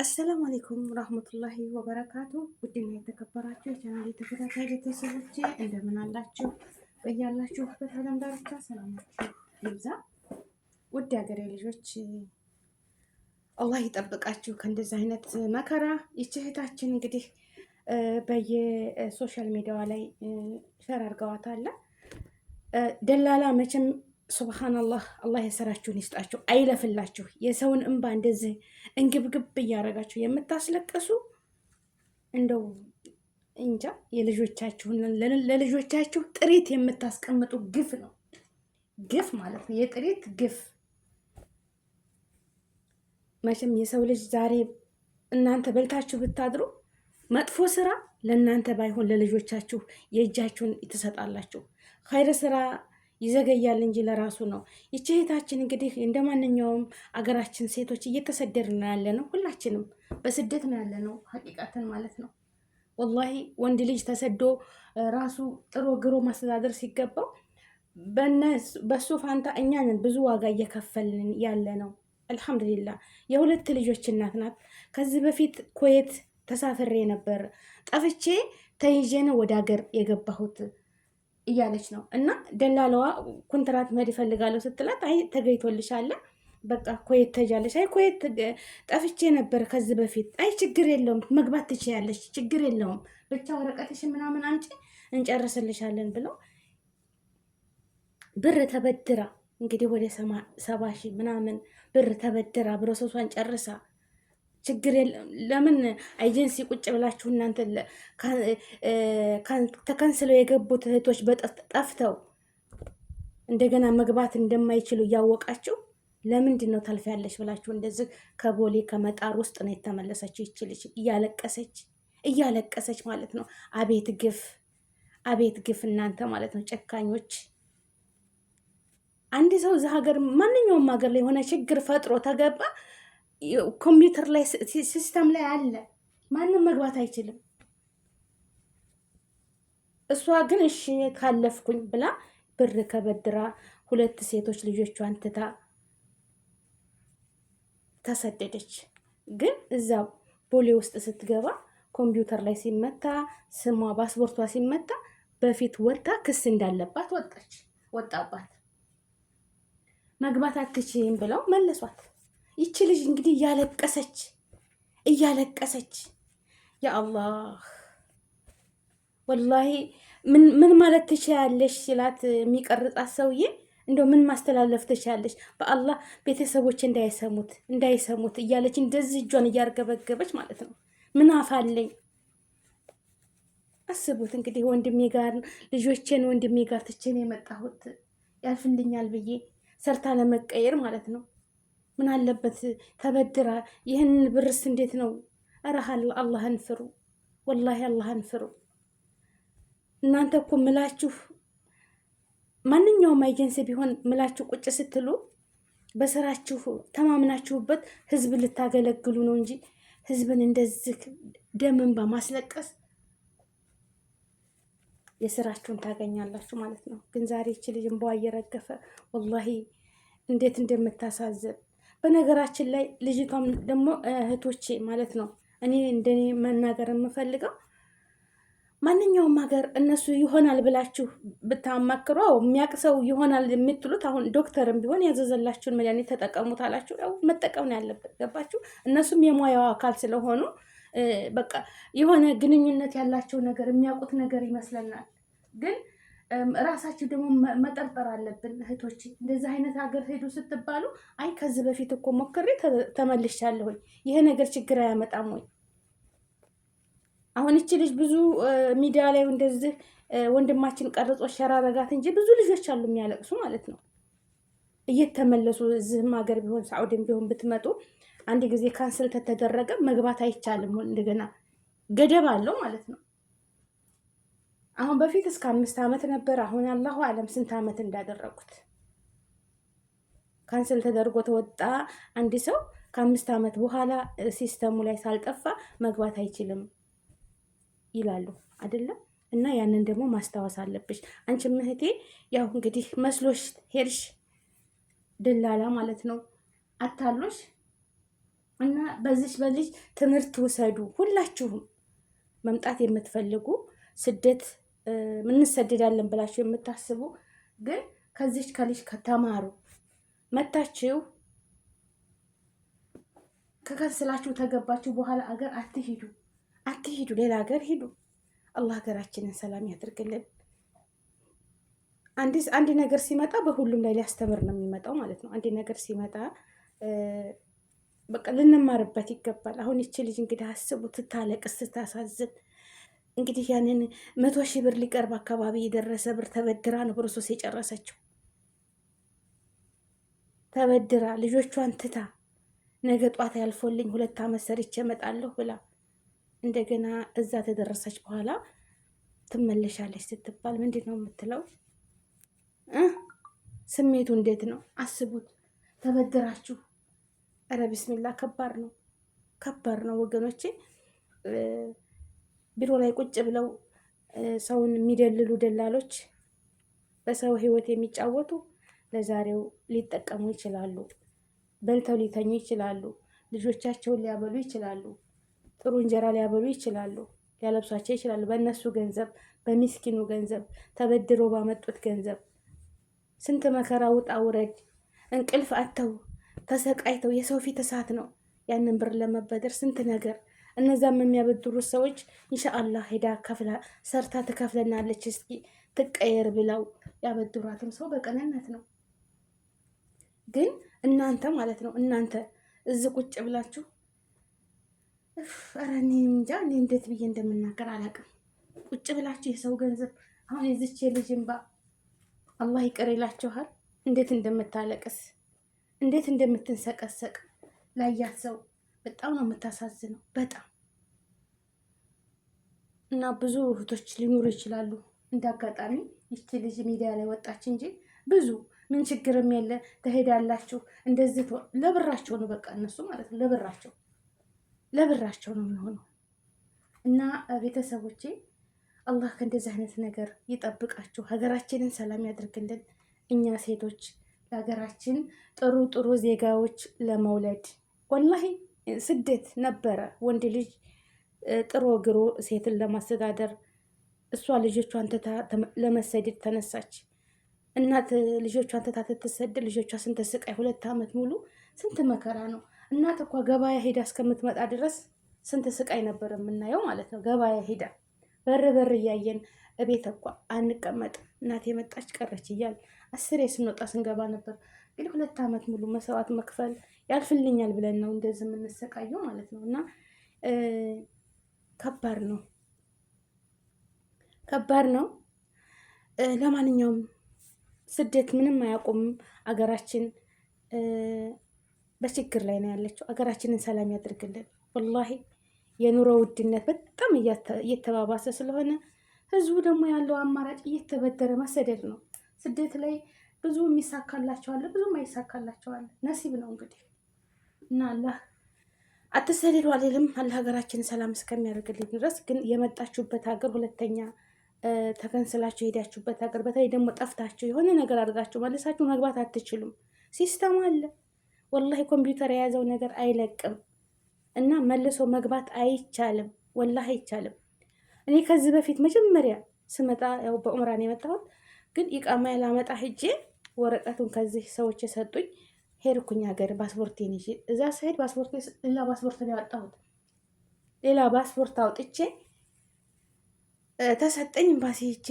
አሰላሙ አሌይኩም ራህመቱላሂ ወበረካቱ። ውድና የተከበራችሁ የቻናሌ ተከታታይ ቤተሰቦቼ እንደምን አላችሁ? በያላችሁበት ዓለም ዳርቻ ሰላማችሁ ይብዛ። ውድ ሀገሬ ልጆች አላህ ይጠብቃችሁ ከእንደዚህ አይነት መከራ። ይቺ እህታችን እንግዲህ በየሶሻል ሚዲያዋ ላይ ሸር አድርገዋታል። ደላላ መቼም ሱብሃናላህ አላህ የሰራችሁን ይስጣችሁ፣ አይለፍላችሁ። የሰውን እንባ እንደዚህ እንግብግብ እያደረጋችሁ የምታስለቅሱ እንደው እንጃ የልጆቻችሁን ለልጆቻችሁ ጥሪት የምታስቀምጡ ግፍ ነው፣ ግፍ ማለት ነው። የጥሪት ግፍ መቼም የሰው ልጅ ዛሬ እናንተ በልታችሁ ብታድሩ መጥፎ ስራ ለእናንተ ባይሆን ለልጆቻችሁ የእጃችሁን ትሰጣላችሁ። ኸይር ስራ ይዘገያል እንጂ ለራሱ ነው። ይቺ እህታችን እንግዲህ እንደ ማንኛውም አገራችን ሴቶች እየተሰደድን ነው ያለ ነው። ሁላችንም በስደት ነው ያለ ነው። ሀቂቃትን ማለት ነው። ወላሂ ወንድ ልጅ ተሰዶ ራሱ ጥሮ ግሮ ማስተዳደር ሲገባው በሱ ፋንታ እኛንን ብዙ ዋጋ እየከፈልን ያለ ነው። አልሐምዱሊላ የሁለት ልጆች እናት ናት። ከዚህ በፊት ኩዌት ተሳፍሬ ነበር ጠፍቼ ተይዤን ወደ ሀገር የገባሁት። እያለች ነው። እና ደላለዋ ኮንትራት መድ ይፈልጋለሁ ስትላት አይ ተገኝቶልሻለ በቃ ኮየት ተጃለች። አይ ኮየት ጠፍቼ ነበር ከዚህ በፊት። አይ ችግር የለውም መግባት ትችያለች፣ ችግር የለውም ብቻ ወረቀትሽ ምናምን አንጭ እንጨርስልሻለን ብለው ብር ተበድራ እንግዲህ ወደ ሰባ ሺህ ምናምን ብር ተበድራ ብሮሰሷን ጨርሳ ችግር የለም። ለምን ኤጀንሲ ቁጭ ብላችሁ እናንተ ተከንስለው የገቡት እህቶች ጠፍተው እንደገና መግባት እንደማይችሉ እያወቃችሁ ለምንድን ነው ታልፊያለች ብላችሁ እንደዚህ ከቦሌ ከመጣር ውስጥ ነው የተመለሰችው። ይችልች እያለቀሰች እያለቀሰች ማለት ነው። አቤት ግፍ፣ አቤት ግፍ እናንተ ማለት ነው ጨካኞች። አንድ ሰው እዚህ ሀገር፣ ማንኛውም ሀገር ላይ የሆነ ችግር ፈጥሮ ተገባ ኮምፒውተር ላይ ሲስተም ላይ አለ። ማንም መግባት አይችልም። እሷ ግን እሺ ካለፍኩኝ ብላ ብር ከበድራ ሁለት ሴቶች ልጆቿን ትታ ተሰደደች። ግን እዛ ቦሌ ውስጥ ስትገባ ኮምፒውተር ላይ ሲመታ ስሟ ፓስፖርቷ ሲመታ በፊት ወጥታ ክስ እንዳለባት ወጣች ወጣባት። መግባት አትችይም ብለው መለሷት። ይቺ ልጅ እንግዲህ እያለቀሰች እያለቀሰች የአላህ ወላሂ ምን ማለት ትችላለች ሲላት የሚቀርጻት ሰውዬ እንደው ምን ማስተላለፍ ትችላለች? በአላህ ቤተሰቦች እንዳይሰሙት እንዳይሰሙት እያለች እንደዚህ እጇን እያርገበገበች ማለት ነው። ምን አፋለኝ አስቡት እንግዲህ ወንድሜ ጋር ልጆቼን ወንድሜ ጋር ትቼን የመጣሁት ያልፍልኛል ብዬ ሰርታ ለመቀየር ማለት ነው። ምን አለበት ተበድራ ይህን ብርስ እንዴት ነው? ኧረ አላህን ፍሩ፣ ወላሂ አላህን ፍሩ። እናንተ እኮ ምላችሁ ማንኛውም ኤጀንሲ ቢሆን ምላችሁ ቁጭ ስትሉ በስራችሁ ተማምናችሁበት ህዝብ ልታገለግሉ ነው እንጂ ህዝብን እንደዚህ ደምን በማስለቀስ የስራችሁን ታገኛላችሁ ማለት ነው። ግን ዛሬ ይች ልጅ እንባዋ እየረገፈ ወላሂ እንዴት እንደምታሳዝን በነገራችን ላይ ልጅቷም ደግሞ እህቶቼ ማለት ነው እኔ እንደኔ መናገር የምፈልገው ማንኛውም ሀገር እነሱ ይሆናል ብላችሁ ብታማክሩ የሚያቅ ሰው ይሆናል የምትሉት አሁን ዶክተርም ቢሆን ያዘዘላችሁን መድኃኒት ተጠቀሙት አላችሁ። ያው መጠቀም ነው ያለበት። ገባችሁ? እነሱም የሙያው አካል ስለሆኑ በቃ የሆነ ግንኙነት ያላቸው ነገር የሚያውቁት ነገር ይመስለናል ግን ራሳችን ደግሞ መጠርጠር አለብን እህቶች። እንደዚህ አይነት ሀገር ሄዱ ስትባሉ አይ ከዚህ በፊት እኮ ሞክሬ ተመልሻለሁኝ ይሄ ነገር ችግር አያመጣም ወይ? አሁን እቺ ልጅ ብዙ ሚዲያ ላይ እንደዚህ ወንድማችን ቀርጾ ሸራረጋት እንጂ ብዙ ልጆች አሉ የሚያለቅሱ ማለት ነው እየተመለሱ እዚህም ሀገር ቢሆን ሳዑድም ቢሆን ብትመጡ አንድ ጊዜ ካንስል ተተደረገ መግባት አይቻልም። እንደገና ገደብ አለው ማለት ነው። አሁን በፊት እስከ አምስት ዓመት ነበር። አሁን አላሁ አለም ስንት ዓመት እንዳደረጉት ካንስል ተደርጎ ተወጣ። አንድ ሰው ከአምስት ዓመት በኋላ ሲስተሙ ላይ ሳልጠፋ መግባት አይችልም ይላሉ አይደለም። እና ያንን ደግሞ ማስታወስ አለብሽ። አንቺም እህቴ ያው እንግዲህ መስሎሽ ሄድሽ፣ ድላላ ማለት ነው አታሎሽ። እና በዚች በልጅ ትምህርት ውሰዱ ሁላችሁም መምጣት የምትፈልጉ ስደት እንሰደዳለን ብላችሁ የምታስቡ ግን ከዚች ከልጅ ከተማሩ መታችሁ ከከስላችሁ ተገባችሁ በኋላ አገር አትሂዱ፣ አትሂዱ፣ ሌላ ሀገር ሂዱ። አላህ ሀገራችንን ሰላም ያደርግልን። አንድ ነገር ሲመጣ በሁሉም ላይ ሊያስተምር ነው የሚመጣው ማለት ነው። አንድ ነገር ሲመጣ በቃ ልንማርበት ይገባል። አሁን ይቺ ልጅ እንግዲህ አስቡ፣ ትታለቅስ፣ ታሳዝን እንግዲህ ያንን መቶ ሺህ ብር ሊቀርብ አካባቢ የደረሰ ብር ተበድራ ነው ብሮሶስ የጨረሰችው። ተበድራ ልጆቿን ትታ ነገ ጧት ያልፎልኝ ሁለት አመት ሰርቼ እመጣለሁ ብላ እንደገና እዛ ተደረሰች በኋላ ትመለሻለች ስትባል ምንድን ነው የምትለው? ስሜቱ እንዴት ነው አስቡት። ተበድራችሁ ረ ቢስሚላ ከባድ ነው፣ ከባድ ነው ወገኖቼ። ቢሮ ላይ ቁጭ ብለው ሰውን የሚደልሉ ደላሎች፣ በሰው ህይወት የሚጫወቱ ለዛሬው ሊጠቀሙ ይችላሉ። በልተው ሊተኙ ይችላሉ። ልጆቻቸውን ሊያበሉ ይችላሉ። ጥሩ እንጀራ ሊያበሉ ይችላሉ። ሊያለብሷቸው ይችላሉ። በእነሱ ገንዘብ፣ በሚስኪኑ ገንዘብ፣ ተበድሮ ባመጡት ገንዘብ ስንት መከራ ውጣ ውረድ እንቅልፍ አተው ተሰቃይተው የሰው ፊት እሳት ነው። ያንን ብር ለመበደር ስንት ነገር እነዛም የሚያበድሩት ሰዎች ኢንሻአላህ ሄዳ ከፍላ ሰርታ ትከፍለናለች፣ እስኪ ትቀየር ብለው ያበድሯትም ሰው በቀንነት ነው። ግን እናንተ ማለት ነው እናንተ እዚህ ቁጭ ብላችሁ ኧረ እኔ እንጃ እኔ እንዴት ብዬ እንደምናገር አላውቅም። ቁጭ ብላችሁ የሰው ገንዘብ አሁን የዚች የልጅ እንባ አላህ ይቅር ይላችኋል። እንዴት እንደምታለቅስ እንዴት እንደምትንሰቀሰቅ ላያት ሰው በጣም ነው የምታሳዝነው በጣም እና ብዙ እህቶች ሊኖሩ ይችላሉ። እንደ አጋጣሚ ይቺ ልጅ ሚዲያ ላይ ወጣች እንጂ ብዙ ምን ችግርም የለ ትሄዳላችሁ። እንደዚህ ለብራቸው ነው በቃ እነሱ ማለት ነው ለብራቸው ለብራቸው ነው የሚሆነው። እና ቤተሰቦቼ አላህ ከእንደዚህ አይነት ነገር ይጠብቃችሁ፣ ሀገራችንን ሰላም ያደርግልን። እኛ ሴቶች ለሀገራችን ጥሩ ጥሩ ዜጋዎች ለመውለድ ወላሂ ስደት ነበረ ወንድ ልጅ ጥሮ ግሮ ሴትን ለማስተዳደር እሷ ልጆቿን ትታ ለመሰደድ ተነሳች። እናት ልጆቿን ትታ ትትሰደድ፣ ልጆቿ ስንት ስቃይ፣ ሁለት ዓመት ሙሉ ስንት መከራ ነው። እናት እኳ ገበያ ሄዳ እስከምትመጣ ድረስ ስንት ስቃይ ነበር የምናየው ማለት ነው። ገበያ ሄዳ በር በር እያየን እቤት እኳ አንቀመጥም። እናት የመጣች ቀረች እያል አስሬ ስንወጣ ስንገባ ነበር። እንግዲህ ሁለት ዓመት ሙሉ መሰዋት መክፈል ያልፍልኛል ብለን ነው እንደዚህ የምንሰቃየው ማለት ነው እና ከባድ ነው፣ ከባድ ነው። ለማንኛውም ስደት ምንም አያቆምም። አገራችን በችግር ላይ ነው ያለችው። አገራችንን ሰላም ያድርግልን። ወላሂ የኑሮ ውድነት በጣም እየተባባሰ ስለሆነ ህዝቡ ደግሞ ያለው አማራጭ እየተበደረ መሰደድ ነው። ስደት ላይ ብዙ የሚሳካላቸዋለ፣ ብዙም አይሳካላቸዋለ። ነሲብ ነው እንግዲህ እና አላህ አትሰደዱ አልልም። አለ ሀገራችን ሰላም እስከሚያደርግልን ድረስ ግን የመጣችሁበት ሀገር ሁለተኛ ተከንስላችሁ የሄዳችሁበት ሀገር በተለይ ደግሞ ጠፍታችሁ የሆነ ነገር አድርጋችሁ መልሳችሁ መግባት አትችሉም። ሲስተም አለ ወላሂ፣ ኮምፒውተር የያዘው ነገር አይለቅም እና መልሶ መግባት አይቻልም፣ ወላሂ አይቻልም። እኔ ከዚህ በፊት መጀመሪያ ስመጣ ያው በኡምራን የመጣሁት ግን ይቃማ ላመጣ ሂጄ ወረቀቱን ከዚህ ሰዎች የሰጡኝ ሄድኩኝ ሀገር ፓስፖርቴን ይዤ። እዛ ስሄድ ፓስፖርት ሌላ ፓስፖርት ነው ያወጣሁት። ሌላ ፓስፖርት አውጥቼ ተሰጠኝ። ኤምባሲ ሄጄ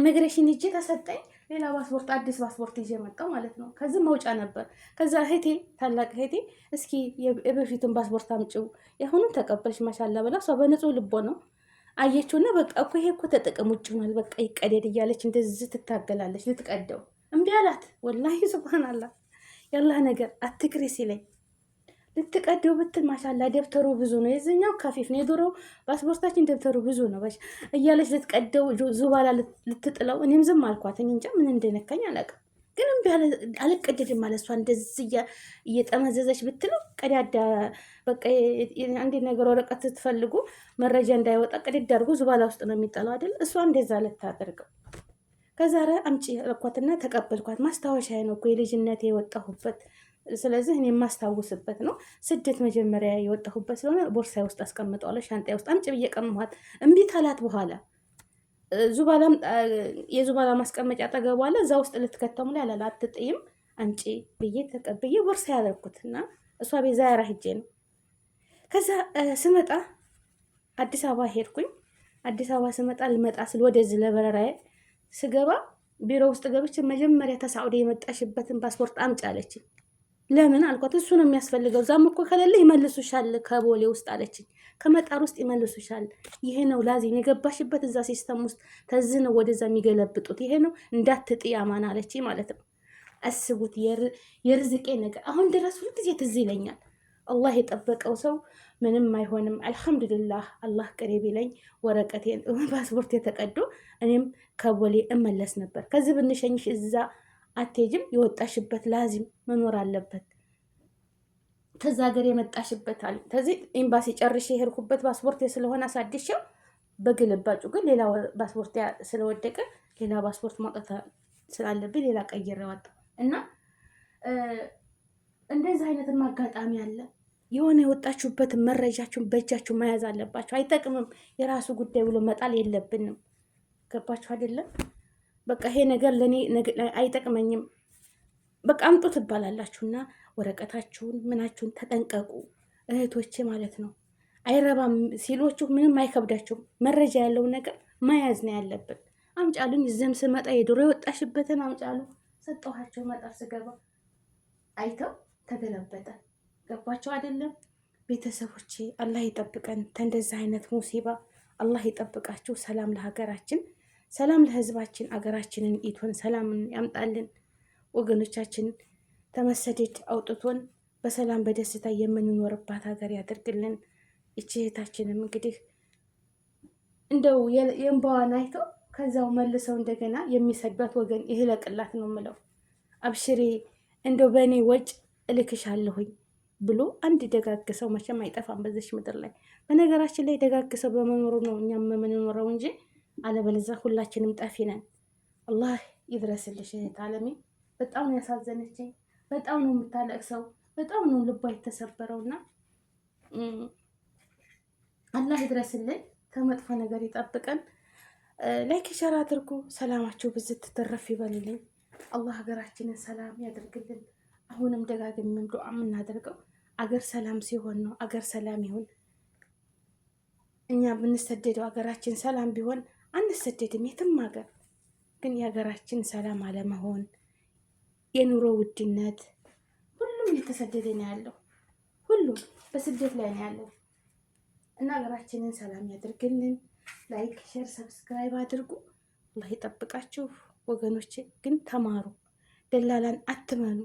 ኢሚግሬሽን ሄጄ ተሰጠኝ። ሌላ ፓስፖርት አዲስ ፓስፖርት ይዤ መጣሁ ማለት ነው። ከዚህ መውጫ ነበር። ከዛ እህቴ ታላቅ እህቴ እስኪ የበፊቱን ፓስፖርት አምጪው የአሁኑን ተቀበልሽ ማሻላ ብላ እሷ በንጹህ ልቦ ነው አየችውና፣ በቃ እኮ ይሄ እኮ ተጠቅም ውጭ ሆኗል፣ በቃ ይቀደድ እያለች እንደዚህ ትታገላለች ልትቀደው እንዲህ አላት። ወላሂ ስብሃን ያላህ ነገር አትቅሪ ሲለኝ ልትቀደው ብትል ማሻላ ደብተሩ ብዙ ነው። የዚህኛው ከፊፍ ነው። የዶሮ ፓስፖርታችን ደብተሩ ብዙ ነው በሽ እያለች ልትቀደው ዙባላ ልትጥለው፣ እኔም ዝም አልኳት። እንጃ ምን እንደነካኝ አላውቅም፣ ግን እምቢ አልቀደድም አለ። እሷ እንደዚህ እየጠመዘዘች ብትለው ቀዳዳ በቃ አንድ ነገር ወረቀት ስትፈልጉ መረጃ እንዳይወጣ ቀዳዳ አድርጎ ዙባላ ውስጥ ነው የሚጠለው አይደል? እሷ እንደዛ ልታደርገው ከዛ አምጪ ረኳትና ተቀበልኳት። ማስታወሻ ነው እኮ የልጅነት የወጣሁበት ስለዚህ እኔ የማስታውስበት ነው። ስደት መጀመሪያ የወጣሁበት ስለሆነ ቦርሳዬ ውስጥ አስቀምጠዋለሁ፣ ሻንጣዬ ውስጥ አምጪ ብዬ ቀምኋት። እምቢ ካላት በኋላ የዙባላ ማስቀመጫ አጠገቧ አለ። እዛ ውስጥ ልትከተሙ ላይ አላለ አትጥይም አምጪ ብዬ ተቀብዬ ቦርሳ ያደርኩት እና እሷ ቤት ዛያራ ሂጄ ነው። ከዛ ስመጣ አዲስ አበባ ሄድኩኝ። አዲስ አበባ ስመጣ ልመጣ ስል ወደዚህ ለበረራዬ ስገባ ቢሮ ውስጥ ገብች መጀመሪያ ተሳውደ የመጣሽበትን ፓስፖርት አምጪ አለችኝ። ለምን አልኳት። እሱ ነው የሚያስፈልገው፣ እዛም እኮ ከሌለ ይመልሱሻል፣ ከቦሌ ውስጥ አለችኝ። ከመጣር ውስጥ ይመልሱሻል። ይሄ ነው ላዚም የገባሽበት እዛ ሲስተም ውስጥ ተዝ ነው ወደዛ የሚገለብጡት። ይሄ ነው እንዳትጥይ አማን አለችኝ ማለት ነው። አስቡት የርዝቄ ነገር አሁን ድረስ ሁልጊዜ ትዝ ይለኛል። አላህ የጠበቀው ሰው ምንም አይሆንም። አልሐምዱሊላህ አላህ ቅር ቢለኝ ወረቀቴን ፓስፖርት የተቀዶ እኔም ከቦሌ እመለስ ነበር። ከዚህ ብንሸኝሽ እዛ አትሄጂም፣ የወጣሽበት ላዚም መኖር አለበት ከዛ ሀገር የመጣሽበት አለ። ከዚህ ኤምባሲ ጨርሼ የሄድኩበት ፓስፖርት ስለሆነ አሳድሼው በግልባጩ ግን ሌላ ፓስፖርት ስለወደቀ ሌላ ፓስፖርት ማውጣት ስላለብኝ ሌላ ቀይሬ እና እንደዚህ አይነትም አጋጣሚ አለ። የሆነ የወጣችሁበት መረጃችሁን በእጃችሁ መያዝ አለባችሁ። አይጠቅምም የራሱ ጉዳይ ብሎ መጣል የለብንም። ገባችሁ አይደለም? በቃ ይሄ ነገር ለእኔ አይጠቅመኝም በቃ አምጡ ትባላላችሁና ወረቀታችሁን ምናችሁን ተጠንቀቁ እህቶቼ ማለት ነው። አይረባም ሲሎችሁ ምንም አይከብዳችሁም። መረጃ ያለውን ነገር መያዝ ነው ያለብን። አምጫሉኝ እዚህም ስመጣ የድሮ የወጣሽበትን አምጫሉ ሰጠኋቸው። መጣ ስገባ አይተው ተገለበጠ። ገባቸው አይደለም ቤተሰቦቼ? አላህ ይጠብቀን ከእንደዚህ አይነት ሙሲባ አላህ ይጠብቃችሁ። ሰላም ለሀገራችን፣ ሰላም ለህዝባችን። አገራችንን ኢቶን ሰላምን ያምጣልን። ወገኖቻችን ተመሰደድ አውጥቶን በሰላም በደስታ የምንኖርባት ሀገር ያደርግልን። ይቺ እንግዲህ እንደው የእንባዋን አይተው ከዛው መልሰው እንደገና የሚሰዷት ወገን ይህለቅላት ነው የምለው። አብሽሬ እንደው በእኔ ወጭ እልክሻለሁኝ ብሎ አንድ ደጋግ ሰው መቼም አይጠፋም በዚች ምድር ላይ። በነገራችን ላይ ደጋግ ሰው በመኖሩ ነው እኛም የምንኖረው እንጂ አለበለዚያ ሁላችንም ጠፊ ነን። አላህ ይድረስልሽ እህት አለሜ። በጣም ነው ያሳዘነችኝ። በጣም ነው የምታለቅሰው። በጣም ነው ልቧ የተሰበረው እና አላህ ይድረስልን፣ ከመጥፎ ነገር ይጠብቀን። ላይክ ሸር አድርጉ። ሰላማችሁ ብዝት ትረፍ ይበልልኝ። አላህ ሀገራችንን ሰላም ያደርግልን። አሁንም ደጋግሜም ዱዓ የምናደርገው አገር ሰላም ሲሆን ነው። አገር ሰላም ይሁን። እኛ ብንሰደደው አገራችን ሰላም ቢሆን አንሰደድም የትም አገር። ግን የሀገራችን ሰላም አለመሆን፣ የኑሮ ውድነት፣ ሁሉም እየተሰደደ ነው ያለው። ሁሉም በስደት ላይ ነው ያለው እና ሀገራችንን ሰላም ያደርግልን። ላይክ፣ ሼር፣ ሰብስክራይብ አድርጉ። አላህ ይጠብቃችሁ ወገኖቼ። ግን ተማሩ፣ ደላላን አትመኑ።